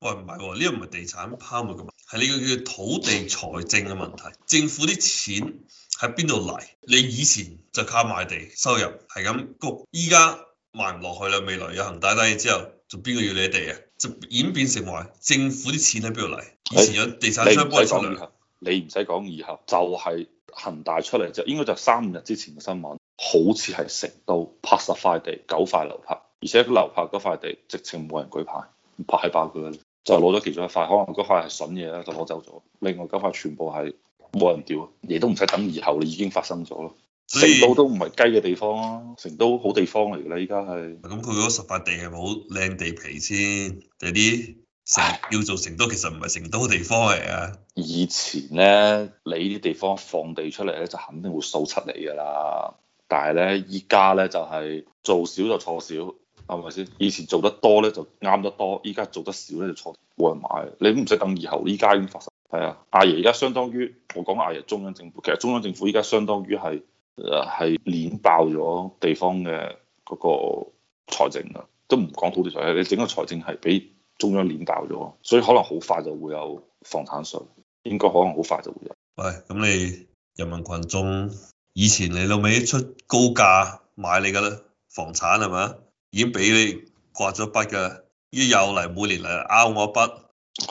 喂，唔係、哦，呢個唔係地產泡沫嘅問題，係呢個叫土地財政嘅問題。政府啲錢喺邊度嚟？你以前就靠賣地收入係咁谷，依家賣唔落去啦。未來有恒大低之後，就邊個要你哋啊？就演變成話政府啲錢喺邊度嚟？以前有地產商幫你過兩，你唔使講以後，就係、是、恒大出嚟就應該就三五日之前嘅新聞，好似係成都拍十塊地九塊流拍，而且流拍嗰塊地直情冇人舉牌，拍嗨爆佢就攞咗其中一塊，可能嗰塊係筍嘢啦，就攞走咗。另外嗰塊全部係冇人屌，亦都唔使等以後啦，已經發生咗咯。以成都都唔係雞嘅地方咯、啊，成都好地方嚟㗎，依家係。咁佢嗰十八地係冇好靚地皮先？定啲成日叫做成都，其實唔係成都地方嚟啊。以前咧，你啲地方放地出嚟咧，就肯定會掃出嚟㗎啦。但係咧，依家咧就係、是、做少就錯少。係咪先？以前做得多咧就啱得多，依家做得少咧就錯，冇人買。你唔使等以後，依家已經發生係啊！阿爺，而家相當於我講阿爺中央政府，其實中央政府依家相當於係係鏈爆咗地方嘅嗰個財政啊，都唔講土地財政。你整個財政係俾中央鏈爆咗，所以可能好快就會有房產稅，應該可能好快就會有。喂，咁你人民群眾以前你老味出高價買你㗎啦，房產係咪？已經俾你掛咗筆噶，依又嚟，每年嚟拗我一筆，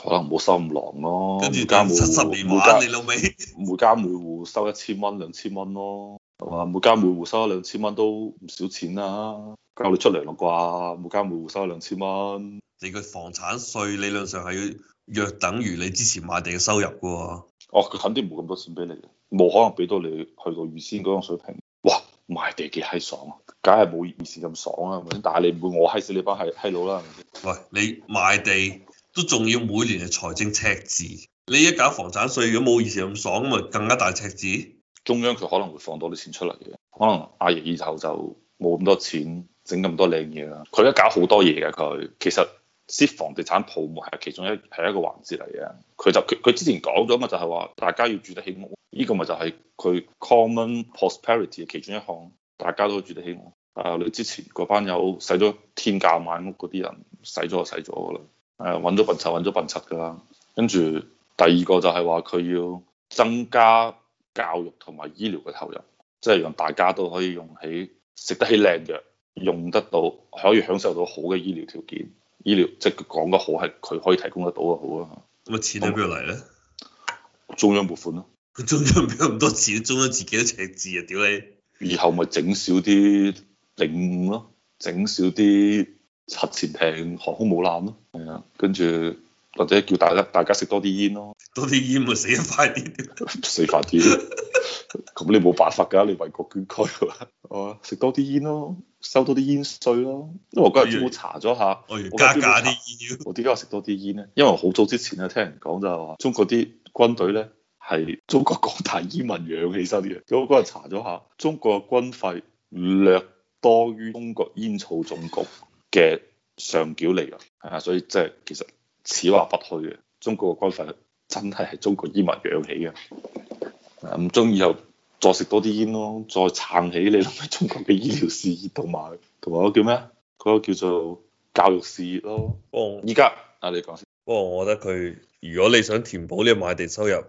可能冇收咁狼咯。跟住加七十年冇還你老味。每家每戶收一千蚊兩千蚊咯，係嘛？每家每戶收一兩千蚊都唔少錢啦，夠你出糧啦啩？每家每戶收一兩千蚊，你個房產稅理論上係要約等於你之前賣地嘅收入噶喎，啊。哦，佢肯定冇咁多錢俾你，冇可能俾到你去到預先嗰種水平。地幾閪爽啊！梗係冇以前咁爽啦，但係你唔會我閪死你班閪閪佬啦。喂，你賣地都仲要每年嘅財政赤字，你一搞房產稅，如果冇以前咁爽，咪更加大赤字。中央佢可能會放多啲錢出嚟嘅，可能阿爺以後就冇咁多錢整咁多靚嘢啦。佢一搞好多嘢嘅佢，其實啲房地產泡沫係其中一係一個環節嚟嘅。佢就佢佢之前講咗嘛，就係話大家要住得起屋，呢、這個咪就係佢 common prosperity 嘅其中一項。大家都住得起我。啊，你之前嗰班有使咗天價買屋嗰啲人，使咗就使咗噶啦，係啊，揾咗笨七揾咗笨七噶啦。跟住第二個就係話佢要增加教育同埋醫療嘅投入，即係讓大家都可以用起食得起靚藥，用得到可以享受到好嘅醫療條件。醫療即係佢講得好係佢可以提供得到嘅好啊。咁啊，錢都邊度嚟咧？中央撥款咯。中央邊有咁多錢？中央自己都赤字啊！屌你。以後咪整少啲領武咯，整少啲核潛艇、航空母艦咯，係啊，跟住或者叫大家大家食多啲煙咯，食多啲煙咪死得快啲， 死快啲，咁 你冇辦法㗎，你為國捐軀啊，食 多啲煙咯，收多啲煙稅咯，因為我今日中午查咗下，我而家加價啲煙，我煙，我點解要食多啲煙咧？因為好早之前啊，聽人講就話中國啲軍隊咧。係中國廣大煙民養起身嘅。咁我嗰日查咗下，中國嘅軍費略多於中國煙草總局嘅上繳利潤，係啊，所以即係其實此話不虛嘅。中國嘅軍費真係係中國煙民養起嘅。啊，唔中意又再食多啲煙咯，再撐起你諗下中國嘅醫療事業同埋同埋嗰叫咩啊？嗰叫做教育事業咯。不過而家啊，你講先。不過我覺得佢，如果你想填補呢個賣地收入，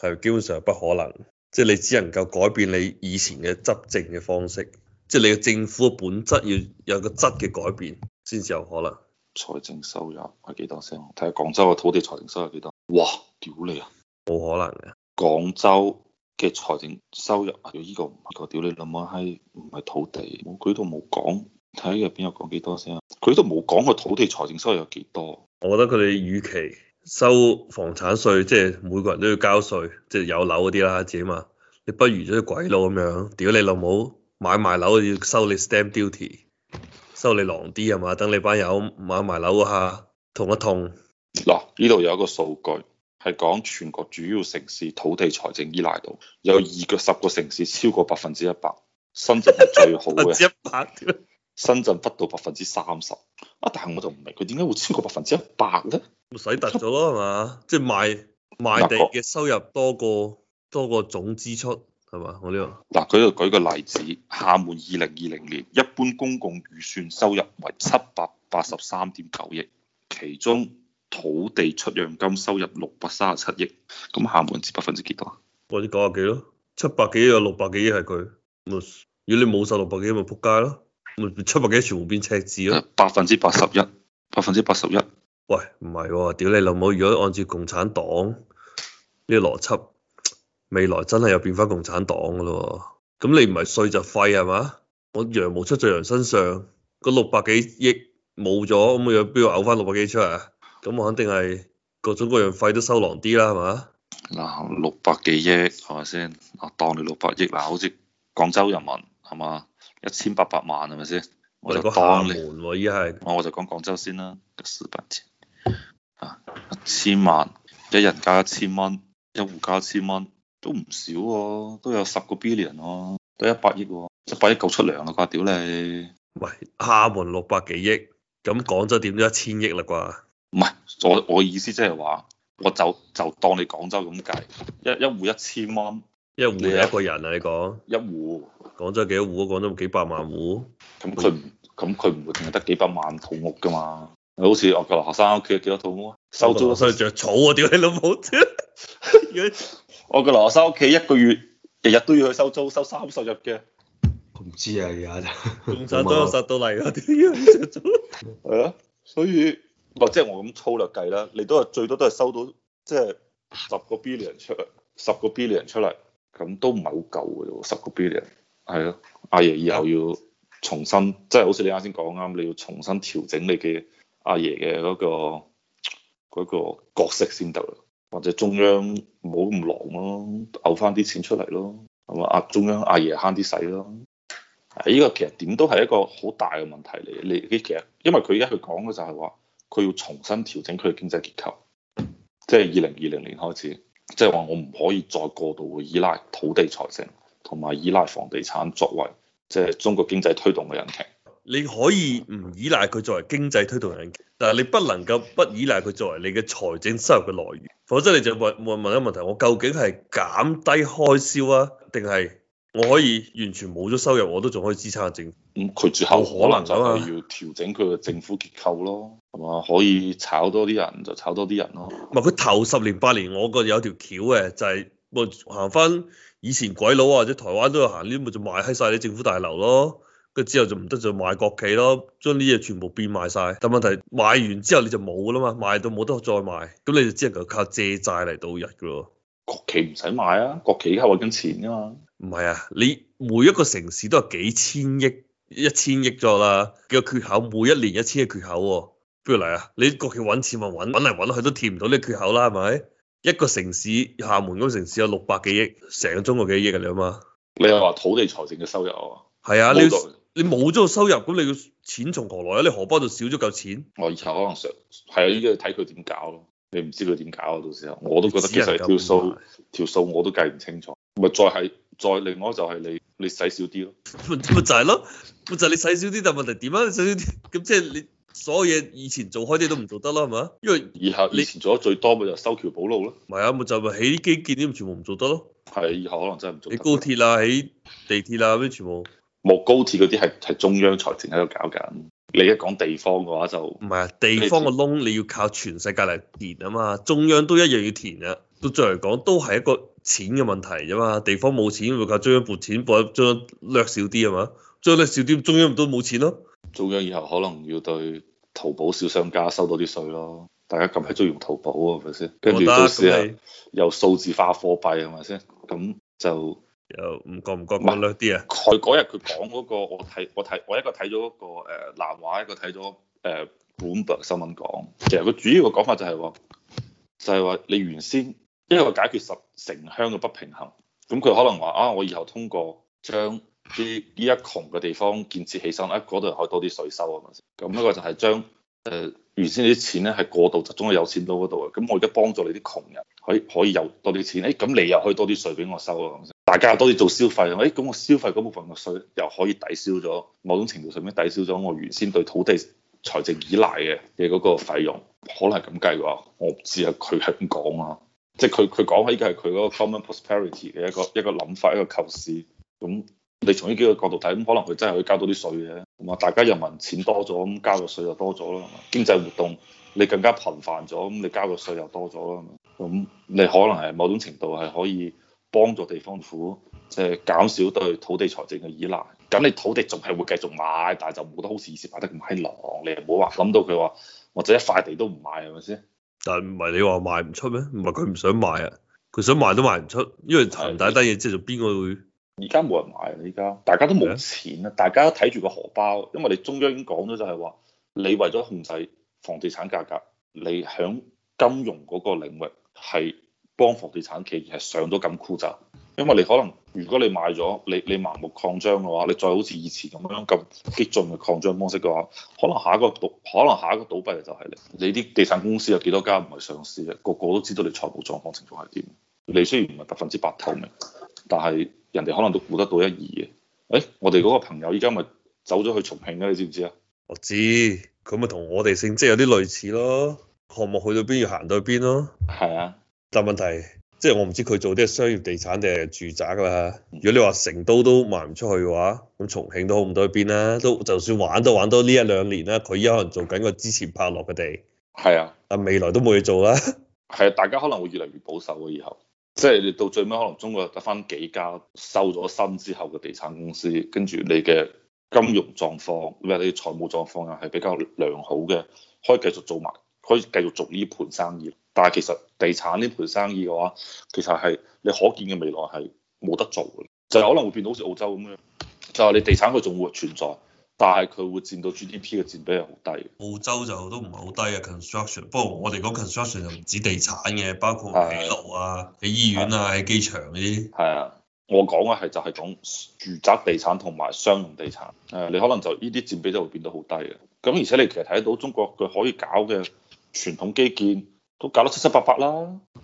係基本上不可能，即係你只能夠改變你以前嘅執政嘅方式，即係你嘅政府本質要有個質嘅改變先至有可能。財政收入係幾多先？睇下廣州嘅土地財政收入幾多？哇！屌你啊！冇可能嘅。廣州嘅財政收入啊，呢、這個唔、這個屌你老母閪，唔係土地，佢都冇講，睇下入邊有講幾多先。佢都冇講個土地財政收入有幾多。我覺得佢哋與其。收房產稅，即係每個人都要交稅，即係有樓嗰啲啦，自己嘛，你不如咗啲鬼佬咁樣，屌你老母，買埋樓要收你 stamp duty，收你狼啲係嘛，等你班友買埋樓下，痛一痛。嗱，呢度有一個數據，係講全國主要城市土地財政依賴度，有二個十個城市超過百分之一百，深圳係最好嘅。一百 深圳不到百分之三十，啊！但係我就唔明佢點解會超過百分之一百咧？咪使突咗咯，係嘛？即係賣賣地嘅收入多過多過總支出，係嘛？我呢度嗱，佢呢舉個例子，廈門二零二零年一般公共預算收入為七百八十三點九億，其中土地出讓金收入六百三十七億，咁廈門佔百分之幾多啊？或者九十幾咯，七百幾億有六百幾億係佢，如果你冇晒六百幾億咪撲街咯。七百幾全部變赤字咯、啊，百分之八十一，百分之八十一。喂，唔係喎，屌你老母！如果按照共產黨呢個邏輯，未來真係又變翻共產黨噶咯。咁你唔係稅就費係嘛？我羊毛出在羊身上，個六百幾億冇咗，咁又邊度嘔翻六百幾出嚟啊？咁我肯定係各種各樣費都收狼啲啦，係嘛？嗱，六百幾億係咪先？我當你六百億嗱，好似廣州人民係嘛？一千八百萬係咪先？是是我就當你，我我就講廣州先啦、啊，一千萬，一人加一千蚊，一戶加一千蚊，都唔少喎、啊，都有十個 billion 咯、啊，都一百億喎、啊啊，一百億夠出糧啦啩？屌你！喂，廈門六百幾億，咁廣州點都一千億啦啩？唔係，我我意思即係話，我就就當你廣州咁計，一一戶一千蚊。一戶係一個人啊？你講一戶戶？講咗幾多戶？講咗幾百萬戶？咁佢唔咁佢唔會淨係得幾百萬套屋噶嘛？好似我羅家家個留學生屋企幾多套屋啊？收租收住草啊！屌你老母！ 在我個留學生屋企一個月日日都要去收租，收三十日嘅。唔知啊，而家就唔使都實到嚟啦！係啊、 哎，所以或即係我咁粗略計啦，你都係最多都係收到即係十個 billion 出十個 billion 出嚟。咁都唔係好夠嘅喎，十個 billion，係咯，阿爺以後要重新，即係好似你啱先講啱，你要重新調整你嘅阿爺嘅嗰個嗰個角色先得，或者中央唔好咁狼咯，摳翻啲錢出嚟咯，係咪啊？中央阿爺慳啲使咯，呢個其實點都係一個好大嘅問題嚟，你其實因為佢而家佢講嘅就係話，佢要重新調整佢嘅經濟結構，即係二零二零年開始。即係話我唔可以再過度嘅依賴土地財政同埋依賴房地產作為即係中國經濟推動嘅引擎。你可以唔依賴佢作為經濟推動引擎，但係你不能夠不依賴佢作為你嘅財政收入嘅來源，否則你就問問問一個問題，我究竟係減低開銷啊，定係？我可以完全冇咗收入，我都仲可以支撐個政府。府，佢最後可能啊，要調整佢嘅政府結構咯，係嘛，啊？可以炒多啲人就炒多啲人咯。唔係佢頭十年八年，我覺有條橋嘅就係行翻以前鬼佬或者台灣都有行呢，咪就賣喺晒你政府大樓咯。跟住之後就唔得就賣國企咯，將呢嘢全部變賣晒。但問題賣完之後你就冇噶啦嘛，賣到冇得再賣，咁你就只能夠靠借債嚟度日噶咯。國企唔使賣啊，國企而家搵緊錢噶，啊，嘛。唔係啊！你每一個城市都有幾千億、一千億咗啦，嘅缺口每一年一千億缺口喎。邊度嚟啊？你過去揾錢咪揾，揾嚟揾去都填唔到呢個缺口啦，係咪啊？一個城市，廈門嗰個城市有六百幾億，成個中國幾億㗎你啊嘛？你又話土地財政嘅收入啊？係啊，你你冇咗個收入，咁你嘅錢從何來啊？你荷包就少咗嚿錢。我以家可能想係啊，呢啲睇佢點搞咯。你唔知佢點搞啊？到時候我都覺得其實條數條數我都計唔清楚。咪再係再另外就係你你使少啲咯，咪 就係咯，咪就係你使少啲，但係問題你點啊？你使少啲咁即係你所有嘢，以前做開啲都唔做得咯，係嘛？因為你以後以前做咗最多咪就修橋補路咯，唔係啊？咪就咪起基建啲全部唔做得咯，係以後可能真係唔做得。你高鐵啦、啊，喺地鐵啦、啊，咩全部冇高鐵嗰啲係係中央財政喺度搞緊。你一講地方嘅話就唔係啊，地方個窿你要靠全世界嚟填啊嘛，中央都一樣要填啊。到再嚟講都係一個錢嘅問題啫嘛，地方冇錢會靠中央撥錢，撥中央略少啲係嘛？中央略少啲，中央都冇錢咯。中央以後可能要對淘寶小商家收多啲稅咯，大家咁係中意用淘寶係咪先？是是我覺得跟住到時有數字化貨幣係咪先？咁就。又唔覺唔覺講劣啲啊？佢嗰日佢講嗰個，個個個我睇我睇我一個睇咗個誒南華，一個睇咗誒彭博新聞講。其實佢主要個講法就係，就係話你原先一個解決十城鄉嘅不平衡，咁佢可能話啊，我以後通過將啲呢一窮嘅地方建設起身，誒，嗰度又可以多啲稅收啊嘛。咁、那、一個就係將誒原先啲錢咧係過度集中喺有錢佬嗰度啊，咁我而家幫助你啲窮人可，可可以有多啲錢，誒，咁你又可以多啲稅俾我收啊大家又多啲做消費，誒、哎、咁我消費嗰部分嘅稅又可以抵消咗，某種程度上面抵消咗我原先對土地財政依賴嘅嘅個費用，可能係咁計嘅話，我唔知啊，佢係點講啊，即係佢佢講起嘅係佢嗰個 common prosperity 嘅一個一個諗法，一個構思，咁你從呢幾個角度睇，咁可能佢真係可以交多啲稅嘅，同埋大家人民錢多咗，咁交個稅又多咗啦，經濟活動你更加頻繁咗，咁你交個稅又多咗啦，咁你可能係某種程度係可以。幫助地方府，即係減少對土地財政嘅依賴。咁你土地仲係會繼續買，但係就冇得好似以前買得咁買狼。你又唔好話諗到佢話，或者一塊地都唔買係咪先？但係唔係你話賣唔出咩？唔係佢唔想賣啊，佢想賣都賣唔出，因為恒大低嘢的即係邊個會？而家冇人買啦！而家大家都冇錢啊，的大家都睇住個荷包。因為你中央已經講咗，就係話你為咗控制房地產價格，你喺金融嗰個領域係。幫房地產企業係上咗咁枯燥，因為你可能如果你賣咗你你盲目擴張嘅話，你再好似以前咁樣咁激進嘅擴張方式嘅話，可能下一個倒可能下一個倒閉嘅就係你。你啲地產公司有幾多家唔係上市嘅？個個都知道你財務狀況情況係點。你雖然唔係百分之百透明，但係人哋可能都估得到一二嘅。誒、欸，我哋嗰個朋友依家咪走咗去重慶嘅，你知唔知啊？我知，佢咪同我哋性質，即係有啲類似咯。項目去到邊要行到去邊咯？係啊。但問題即係我唔知佢做啲商業地產定係住宅㗎啦。如果你話成都都賣唔出去嘅話，咁重慶都好唔到邊啦。都就算玩都玩多呢一兩年啦。佢有可能做緊個之前拍落嘅地。係啊，但未來都冇嘢做啦。係啊，大家可能會越嚟越保守啊，以後。即係你到最尾，可能中國得翻幾家收咗身之後嘅地產公司，跟住你嘅金融狀況，咩你財務狀況又係比較良好嘅，可以繼續做埋，可以繼續做呢盤生意。但係其實。地產呢盤生意嘅話，其實係你可見嘅未來係冇得做嘅，就可能會變到好似澳洲咁樣，就係你地產佢仲會存在，但係佢會佔到 GDP 嘅佔比係好低。澳洲就都唔係好低嘅 construction，不過我哋講 construction 就唔止地產嘅，包括喺路啊、喺、啊、醫院啊、喺、啊、機場嗰啲。係啊，我講嘅係就係講住宅地產同埋商用地產。係、啊，你可能就呢啲佔比就會變到好低嘅。咁而且你其實睇到中國佢可以搞嘅傳統基建，都搞得七七八八啦，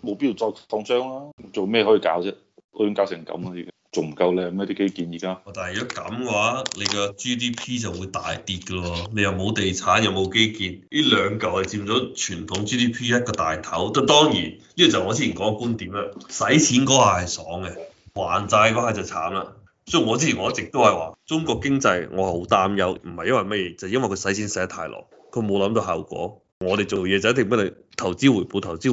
冇必要再擴張啦。做咩可以搞啫？都已經搞成咁啦，已經仲唔夠靚咩啲基建而家？但係如果咁嘅話，你個 GDP 就會大跌噶咯。你又冇地產，又冇基建，呢兩嚿係佔咗傳統 GDP 一個大頭。咁當然，呢個就係我之前講嘅觀點啦。使錢嗰下係爽嘅，還債嗰下就慘啦。所以我之前我一直都係話，中國經濟我係好擔憂，唔係因為咩，就係因為佢使錢使得太耐，佢冇諗到效果。我哋做嘢就一定俾你。投資，投資回報，投資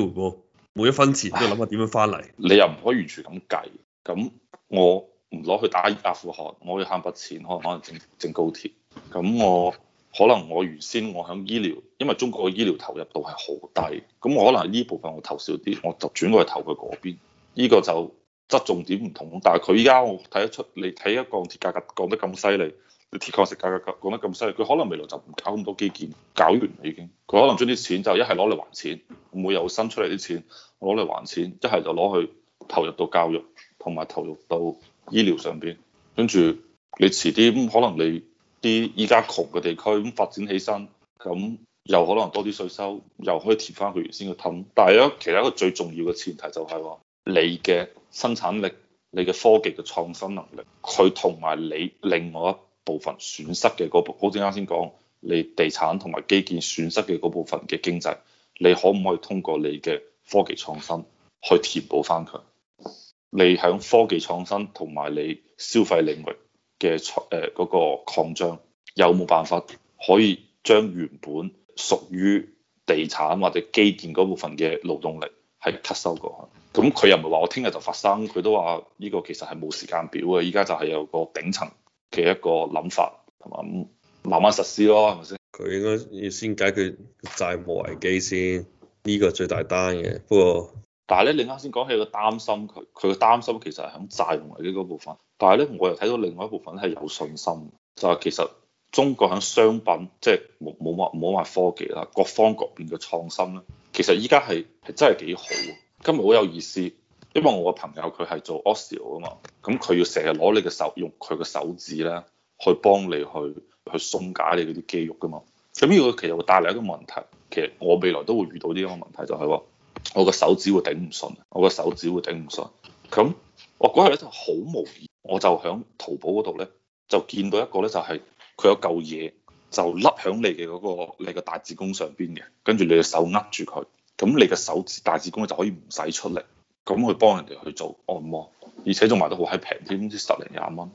回報，每一分錢都要諗下點樣翻嚟。你又唔可以完全咁計。咁我唔攞去打阿富汗，我要慳筆錢，可能可能整整高鐵。咁我可能我原先我喺醫療，因為中國嘅醫療投入度係好低。咁我可能呢部分我投少啲，我就轉過去投佢嗰邊。依、呢個就側重點唔同。但係佢依家我睇得出，你睇一鋼鐵價格降得咁犀利。你鐵礦石價格講得咁犀利，佢可能未來就唔搞咁多基建，搞完已經。佢可能將啲錢就一係攞嚟還錢，唔會有新出嚟啲錢，攞嚟還錢，一係就攞去投入到教育同埋投入到醫療上邊。跟住你遲啲可能你啲依家窮嘅地區咁發展起身，咁又可能多啲稅收，又可以填翻佢原先嘅氹。但係咧，其實一個最重要嘅前提就係話你嘅生產力、你嘅科技嘅創新能力，佢同埋你另外一部分損失嘅嗰部分，好似啱先講，你地產同埋基建損失嘅嗰部分嘅經濟，你可唔可以通過你嘅科技創新去填補翻佢？你喺科技創新同埋你消費領域嘅誒嗰個擴張，有冇辦法可以將原本屬於地產或者基建嗰部分嘅勞動力係吸收過去？咁佢又唔係話我聽日就發生，佢都話呢個其實係冇時間表嘅，依家就係有個頂層。嘅一個諗法，同埋慢慢實施咯，係咪先？佢應該要先解決債務危機先，呢個最大單嘅。不過，但係咧，你啱先講起個擔心，佢佢嘅擔心其實係喺債務危機嗰部分。但係咧，我又睇到另外一部分係有信心，就係其實中國喺商品，即係冇冇話冇話科技啦，各方各邊嘅創新咧，其實依家係係真係幾好。今日好有意思。因為我個朋友佢係做 oscill 啊嘛，咁佢要成日攞你嘅手用佢嘅手指咧，去幫你去去鬆解你嗰啲肌肉噶嘛。咁呢個其實會帶嚟一個問題，其實我未來都會遇到呢個問題，就係話，就係我個手指會頂唔順，我個手指會頂唔順。咁我嗰日咧就好無疑。我就喺淘寶嗰度咧就見到一個咧就係、係、佢有嚿嘢就笠響你嘅嗰、嗰個你嘅大指公上邊嘅，跟住你嘅手握住佢，咁你嘅手指大指公咧就可以唔使出嚟。咁去幫人哋去做按摩，而且仲賣得好閪平添，知十零廿蚊。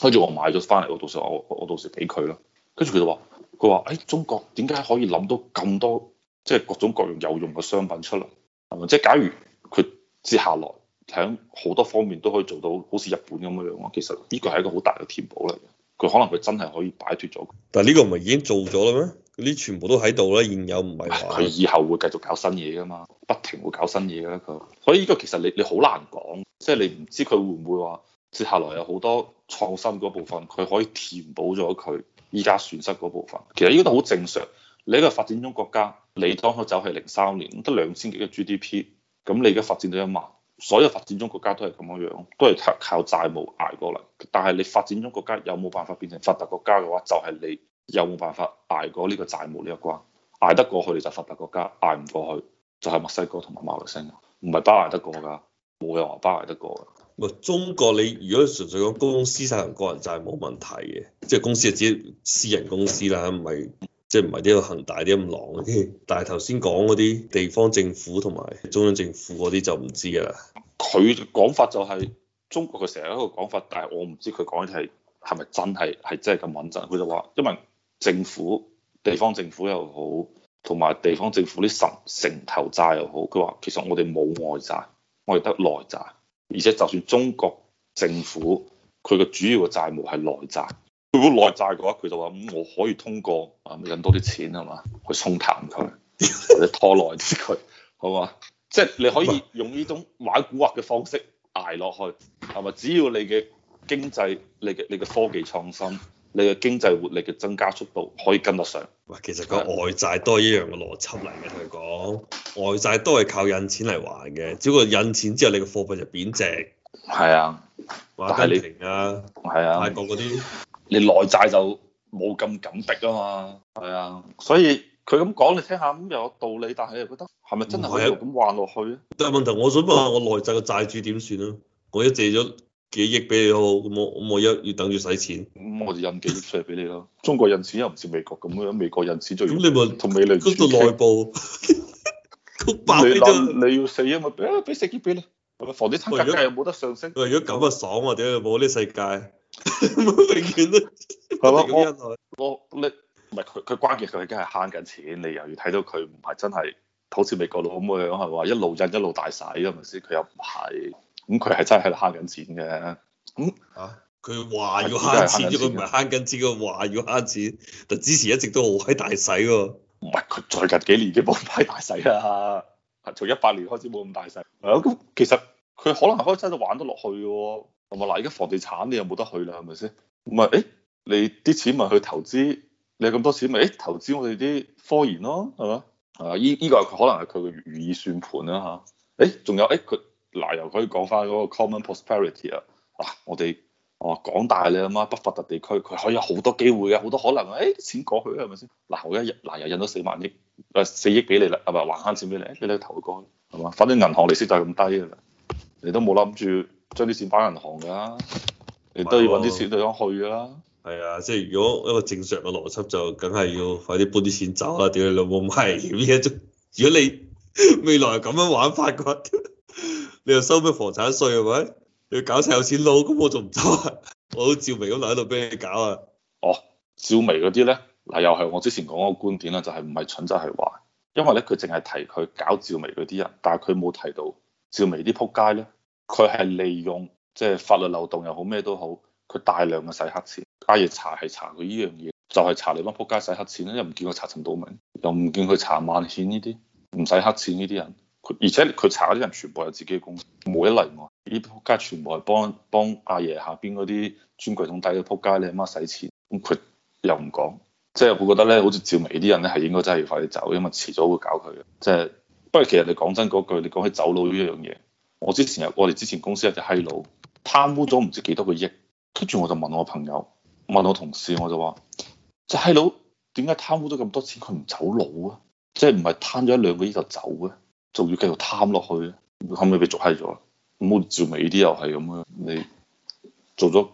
跟住我買咗翻嚟，我到時我我到時俾佢咯。跟住佢就話：佢話誒中國點解可以諗到咁多即係、就是、各種各樣有用嘅商品出嚟？係咪即係假如佢接下來喺好多方面都可以做到好似日本咁樣樣啊？其實呢個係一個好大嘅填補嚟嘅，佢可能佢真係可以擺脱咗佢。但係呢個唔係已經做咗啦咩？呢全部都喺度啦，現有唔係佢以後會繼續搞新嘢噶嘛，不停會搞新嘢啦佢。所以呢個其實你你好難講，即係你唔知佢會唔會話接下來有好多創新嗰部分，佢可以填補咗佢依家損失嗰部分。其實依個都好正常。你一個發展中國家，你當佢走係零三年得兩千幾個 GDP，咁你而家發展到一萬，所有發展中國家都係咁樣樣，都係靠靠債務捱過嚟。但係你發展中國家有冇辦法變成發達國家嘅話，就係你。有冇辦法捱過呢個債務呢一關？捱得過去，你就發達國家；捱唔過去，就係墨西哥同埋馬來西亞。唔係包捱得過㗎，冇有話包捱得過㗎。中國，你如果純粹講公司層個人債冇問題嘅，即係公司只私人公司啦，唔係即係唔係呢個恒大啲咁狼，狼。但係頭先講嗰啲地方政府同埋中央政府嗰啲就唔知㗎啦。佢講法就係、是、中國佢成日一個講法，但係我唔知佢講嘅係係咪真係係真係咁穩陣。佢就話，因為政府、地方政府又好，同埋地方政府啲城城投債又好，佢話，其實我哋冇外債，我哋得內債，而且就算中國政府佢嘅主要嘅債務係內債。佢如果內債嘅話，佢就話，咁我可以通過啊引多啲錢，係嘛，去沖淡佢，或者拖耐啲佢，係嘛？即係你可以用呢種玩蠱惑嘅方式挨落去，係咪？只要你嘅經濟，你嘅你嘅科技創新。你嘅經濟活力嘅增加速度可以跟得上，哇！其實個外債都係一樣嘅邏輯嚟嘅，同佢講，外債都係靠印錢嚟還嘅，只不過印錢之後你嘅貨幣就貶值，係啊，馬來西亞啊，泰國嗰啲，你內債就冇咁緊逼啊嘛，係啊，所以佢咁講你聽下，咁有道理，但係又覺得係咪真係可以咁還落去咧？但係問題我想問下，我內債嘅債主點算啊？我一借咗。幾億俾你好，好，咁我我我一要等住使錢，咁我就印幾億出嚟俾你咯。中國印錢又唔似美國咁樣，美國印錢最，咁你咪同美聯儲傾，傾到內部，咁爆呢張你要四啊咪，啊俾四億俾你，係咪房地產價格又冇得上升？喂，如果咁啊爽啊，屌冇呢世界，冇永遠都係咯吧我我你唔係佢佢關鍵佢而家係慳緊錢，你又要睇到佢唔係真係好似美國佬咁嘅樣，係話一路印一路大洗啊，係咪先？佢又唔係。咁佢係真係慳緊錢嘅，咁啊佢話要慳錢，佢唔係慳緊錢，佢話要慳錢，就之前一直都好閪大洗喎、哦。唔係佢最近幾年已經冇咁大洗啦、啊，從一八年開始冇咁大洗。係、啊、咁其實佢可能開真都玩得落去喎、啊。同埋嗱，而家房地產你又冇得去啦？係咪先？唔、哎、係，誒你啲錢咪去投資，你咁多錢咪誒、哎、投資我哋啲科研咯，係嘛？係啊，依、這、依個係佢可能係佢嘅如意算盤啦、啊、嚇。誒、啊，仲有誒佢。哎嗱，又可以講翻嗰個 common prosperity 啊！嗱、啊，我哋啊廣大你阿媽不發達地區，佢可以有好多機會嘅、啊，好多可能、啊。誒、哎，錢過去啊，係咪先？嗱、啊，我一日嗱又印咗四萬億，誒、呃、四億幾你啦，係咪還翻錢俾你？誒，你去投幹係嘛？反正銀行利息就係咁低啊！你都冇諗住將啲錢擺銀行㗎、啊，你都要揾啲錢地方去㗎啦。係啊，即係、啊啊、如果一個正常嘅邏輯就，梗係要快啲搬啲錢走啦、啊。屌你老母，唔係如果你 未來咁樣玩法嘅你又收咩房產稅係咪？你搞晒有錢佬，咁我仲唔走啊？我好趙薇咁留喺度俾你搞啊？哦，趙薇嗰啲咧，嗱又係我之前講個觀點啦，就係唔係蠢就係壞，因為咧佢淨係提佢搞趙薇嗰啲人，但係佢冇提到趙薇啲仆街咧，佢係利用即係、就是、法律漏洞又好咩都好，佢大量嘅洗黑錢，而家亦查係查佢呢樣嘢，就係、是、查你班仆街洗黑錢啦，又唔見佢查陳道明，又唔見佢查萬顯呢啲唔洗黑錢呢啲人。而且佢查嗰啲人全部係自己嘅公司，冇一例外。呢仆街全部係幫幫阿爺下邊嗰啲專櫃桶底嘅仆街，你阿媽使錢，咁佢又唔講。即係我覺得咧，好似趙薇啲人咧，係應該真係要快啲走，因為遲早會搞佢嘅。即係，不過其實你講真嗰句，你講起走佬呢一樣嘢，我之前我哋之前公司有隻閪佬貪污咗唔知幾多個億，跟住我就問我朋友，問我同事，我就話，隻閪佬點解貪污咗咁多錢，佢唔走佬啊？即係唔係貪咗一兩個億就走啊？仲要繼續貪落去，後尾被捉閪咗。咁好，趙美啲又係咁樣，你做咗，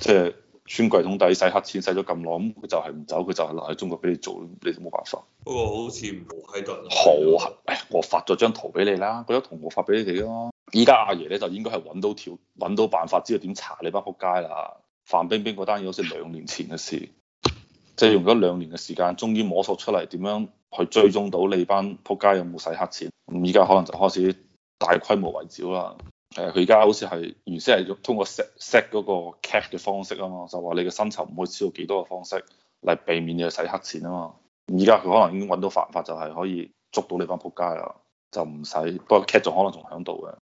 即係穿櫃桶底，洗黑錢，洗咗咁耐，咁佢就係唔走，佢就係留喺中國俾你做，你冇辦法。不過好似冇喺度。好啊，我發咗張圖俾你啦，嗰張圖我發俾你哋咯。依家阿爺咧就應該係搵到條，搵到辦法，知道點查你班撲街啦。范冰冰嗰單嘢好似兩年前嘅事。即係用咗兩年嘅時間，終於摸索出嚟點樣去追蹤到你班撲街有冇使黑錢。咁依家可能就開始大規模圍剿啦。誒、啊，佢而家好似係原先係通過 set set 嗰個 cap 嘅方式啊嘛，就話你嘅薪酬唔可以超過幾多嘅方式嚟避免你去使黑錢啊嘛。而家佢可能已經揾到辦法，就係可以捉到你班撲街啦，就唔使不過 cap 仲可能仲喺度嘅。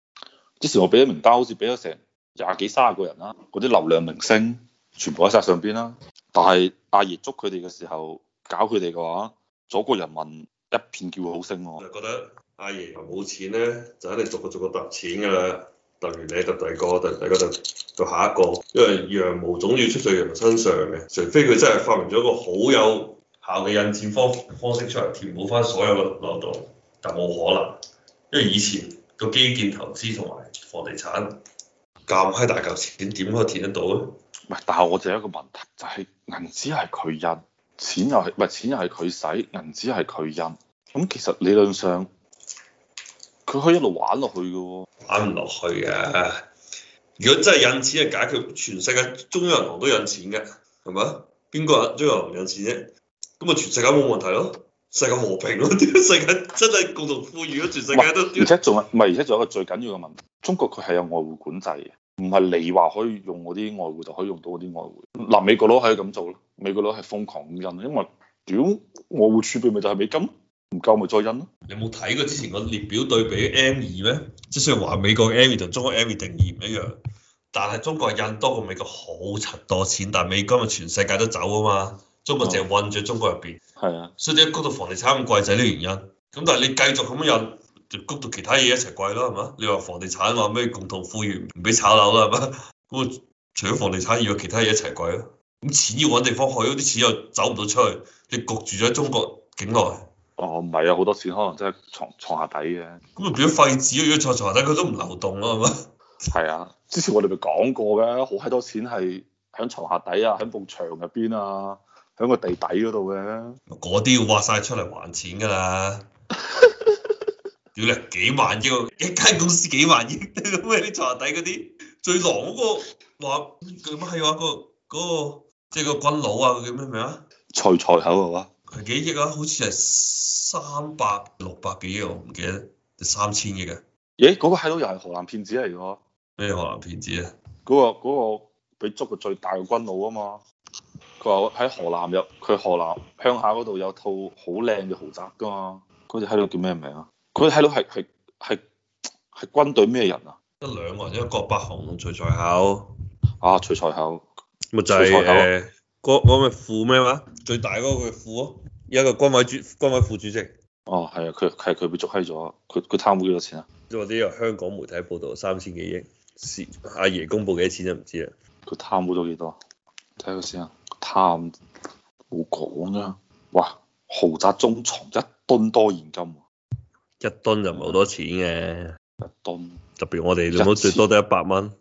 之前我俾咗名單，好似俾咗成廿幾卅個人啦、啊，嗰啲流量明星全部喺晒上邊、啊、啦。但係阿爺捉佢哋嘅時候，搞佢哋嘅話，祖國人民一片叫好聲咯。就覺得阿爺又冇錢咧，就喺度逐個逐個揼錢㗎啦，揼完你，揼第個，揼第個揼到下一個，因為羊毛總要出在人身上嘅，除非佢真係發明咗一個好有效嘅印錢方方式出嚟填補翻所有嘅漏洞，但冇可能，因為以前個基建投資同埋房地產咁閪大嚿錢，點可以填得到咧？喂，但係我就有一個問題，就係、是、銀紙係佢印，錢又係唔係錢又係佢使，銀紙係佢印，咁其實理論上佢可以一路玩落去嘅喎，玩唔落去嘅。如果真係印錢係解決全世界中央銀行都印錢嘅，係咪啊？邊個中央銀行印錢啫？咁啊，全世界冇問題咯，世界和平咯。世界真係共同富裕？全世界都而且仲係唔係？而且仲有，有一個最緊要嘅問題，中國佢係有外匯管制嘅。唔係你話可以用嗰啲外匯就可以用到嗰啲外匯。嗱、啊，美國佬係咁做咯，美國佬係瘋狂印，因為外匯儲備咪就係美金，唔夠咪再印咯。你冇睇過之前個列表對比 M 二咩？即雖然話美國 M2 同中國 M2 定義唔一樣，但係中國印多過美國好柒多錢，但係美金咪全世界都走啊嘛。中國淨係困在中國入邊，係啊、嗯，所以一講到房地產咁貴就係呢個原因。咁但係你繼續咁樣印。就焗到其他嘢一齊貴咯，係嘛？你話房地產話咩共同富裕唔俾炒樓啦，係嘛？咁 除咗房地產以外，其他嘢一齊貴咯。咁錢要搵地方去，啲錢又走唔到出去，你焗住咗中國境內。哦，唔係啊，好多錢可能真係床床下底嘅。咁咪變咗廢紙要要床床下底，佢都唔流動咯，係嘛？係啊。之前我哋咪講過嘅，好閪多錢係響床下底啊，響埲牆入邊啊，響個地底嗰度嘅。嗰啲要挖晒出嚟還錢噶啦。 要嚟幾萬億，一間公司幾萬億，咩啲床底嗰啲，最狼嗰、那個話，佢係話個嗰、那個即係、那個那個軍佬啊，那個、叫咩名啊？財財口嘅話，係幾億啊？好似係三百六百幾億，我唔記得，三千億啊。咦、欸，嗰、那個喺度又係河南騙子嚟嘅。咩河南騙子啊？嗰、那個嗰、那個俾捉嘅最大嘅軍佬啊嘛，佢話喺河南有佢河南鄉下嗰度有套好靚嘅豪宅噶嘛。嗰隻喺度叫咩名啊？佢睇到係係係係軍隊咩人啊？得兩或者一個北韓徐才厚啊，徐才厚咪就係、是、誒、呃、國嗰個副咩嘛？最大嗰個嘅副啊，咯，一個軍委主軍委副主席。哦，係啊，佢係佢被捉閪咗，佢佢貪污幾多錢啊？我啲香港媒體報道三千幾億，阿爺公布幾多錢就唔知啊？佢貪污咗幾多？睇下先啊！貪好講啊！哇！豪宅中藏一噸多現金，啊。一噸就唔係好多錢嘅，一噸、嗯、特別我哋兩蚊最多得一百蚊。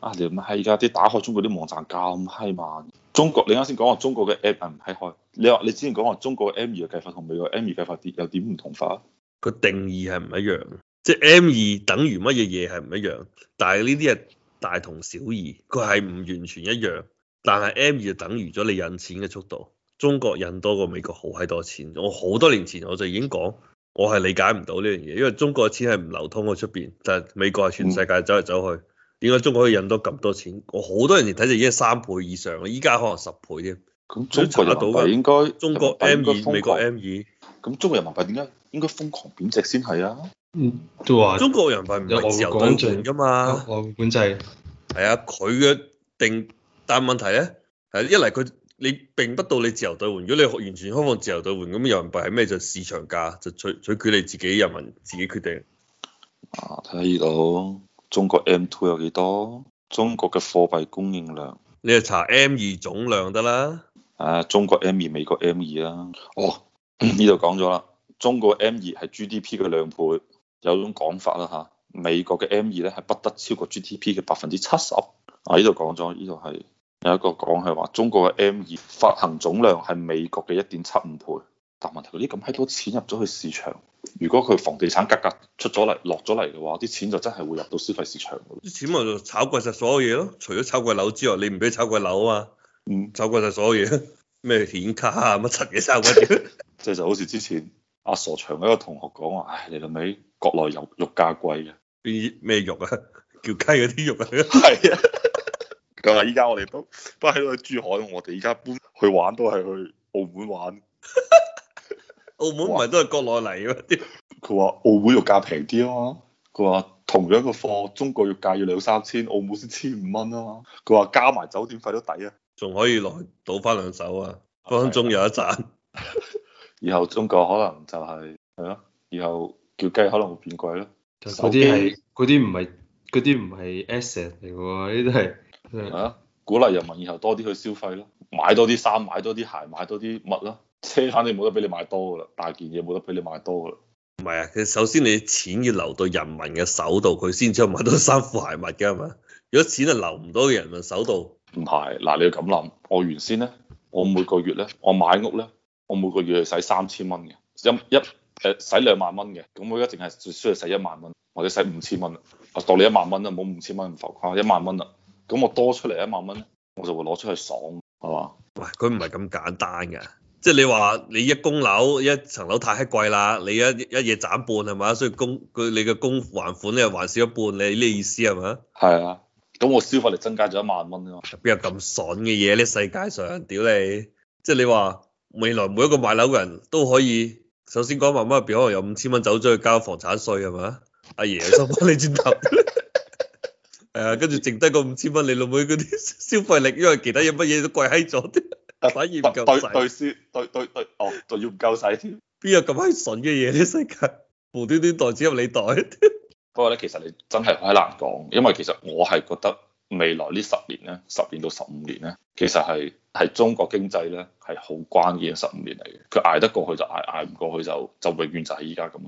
啊，你咪閪噶，啲打開中國啲網站咁閪慢。中國你啱先講話中國嘅 app 唔閪開，你話你之前講話中國嘅 M 二嘅計法同美國嘅 M 二計法有點唔同化？個定義係唔一樣，即係 M 二等於乜嘢嘢係唔一樣，但係呢啲係大同小異，佢係唔完全一樣，但係 M 二就等於咗你引錢嘅速度，中國引多過美國好閪多錢，我好多年前我就已經講。我係理解唔到呢樣嘢，因為中國嘅錢係唔流通喺出邊，但係美國係全世界走嚟走去。點解中國可以引到咁多錢？我好多年前睇就已經三倍以上，依家可能十倍添。咁中國人民幣應該中國 M 二，美國 M 二，咁中國人民幣點解應該瘋狂貶值先係啊？嗯，中國人民幣唔係自由兌換噶嘛，我、嗯、管制。係啊，佢嘅定，但係問題咧，誒，一嚟佢。你並不到你自由兌換，如果你完全開放自由兌換，咁人民幣係咩就是、市場價，就取取決你自己人民自己決定。哦、啊，睇到中國 M2 有幾多？中國嘅貨幣供應量，你去查 M2 總量得啦。啊，中國 M2 美國 M2 啦。哦，呢度講咗啦，中國 M2 係 GDP 嘅兩倍，有種講法啦嚇、啊。美國嘅 M2 咧係不得超過 GDP 嘅百分之七十。啊，呢度講咗，呢度係。有一個講係話，中國嘅 M 二發行總量係美國嘅一點七五倍，但問題，佢啲咁閪多錢入咗去市場，如果佢房地產價格，格出咗嚟落咗嚟嘅話，啲錢就真係會入到消費市場。啲錢咪就炒貴晒所有嘢咯，除咗炒貴樓之外，你唔俾炒貴樓啊？唔炒貴晒所有嘢，咩顯卡乜七幾三緊即係就好似之前阿傻長嘅一個同學講話，唉、哎，你係咪國內肉肉價貴啊，啲咩肉啊，叫雞嗰啲肉啊，係 啊。咁啊！依家我哋都翻喺咗珠海，我哋而家搬去玩都係去澳門玩。 澳門唔係都係國內嚟嘅？佢話澳門肉價平啲啊嘛！佢話同樣嘅貨，中國肉價要兩三千，澳門先千五蚊啊嘛！佢話加埋酒店費都抵啊，仲可以落倒賭翻兩手啊，當中的有一賺。 以後中國可能就係係咯，以後叫雞可能會變貴咯。嗰啲係嗰啲唔係嗰啲唔係 asset 嚟嘅呢啲係。機啊！鼓勵人民以後多啲去消費咯，買多啲衫，買多啲鞋，買多啲物咯。車肯定冇得俾你買多噶啦，大件嘢冇得俾你買多噶啦。唔係啊，其實首先你錢要留到人民嘅手度，佢先至可以買到衫褲鞋襪嘅，係嘛？如果錢係留唔到嘅人民手度，唔係嗱，你要咁諗。我原先咧，我每個月咧，我買屋咧，我每個月係使三千蚊嘅，一一誒使兩萬蚊嘅，咁我一定淨係需要使一萬蚊或者使五千蚊啦。我當你一萬蚊啦，冇五千蚊唔浮誇，一萬蚊啦。咁我多出嚟一萬蚊，我就會攞出去爽，係嘛？喂，佢唔係咁簡單嘅，即係你話你一供樓一層樓太閪貴啦，你一一嘢賺一半係嘛？所以供佢你嘅供還款咧還少一半，你呢個意思係咪？係啊，咁我消費力增加咗一萬蚊啊！邊有咁爽嘅嘢咧？世界上屌你！即係你話未來每一個買樓人都可以首先講萬蚊入邊可能有五千蚊走咗去交房產稅係嘛？阿爺收翻你轉頭。係跟住剩低個五千蚊，你老妹嗰啲消費力，因為其他嘢乜嘢都貴閪咗啲，反而唔夠、啊啊。對對消對，對，對，對哦，仲要唔夠晒添。邊有咁閪筍嘅嘢啲世界？無端端袋紙入你袋。不過咧，其實你真係好難講，因為其實我係覺得未來呢十年咧，十年到十五年咧，其實係係中國經濟咧係好關鍵十五年嚟嘅，佢挨得過去就挨，挨唔過去就就永遠就係依家咁。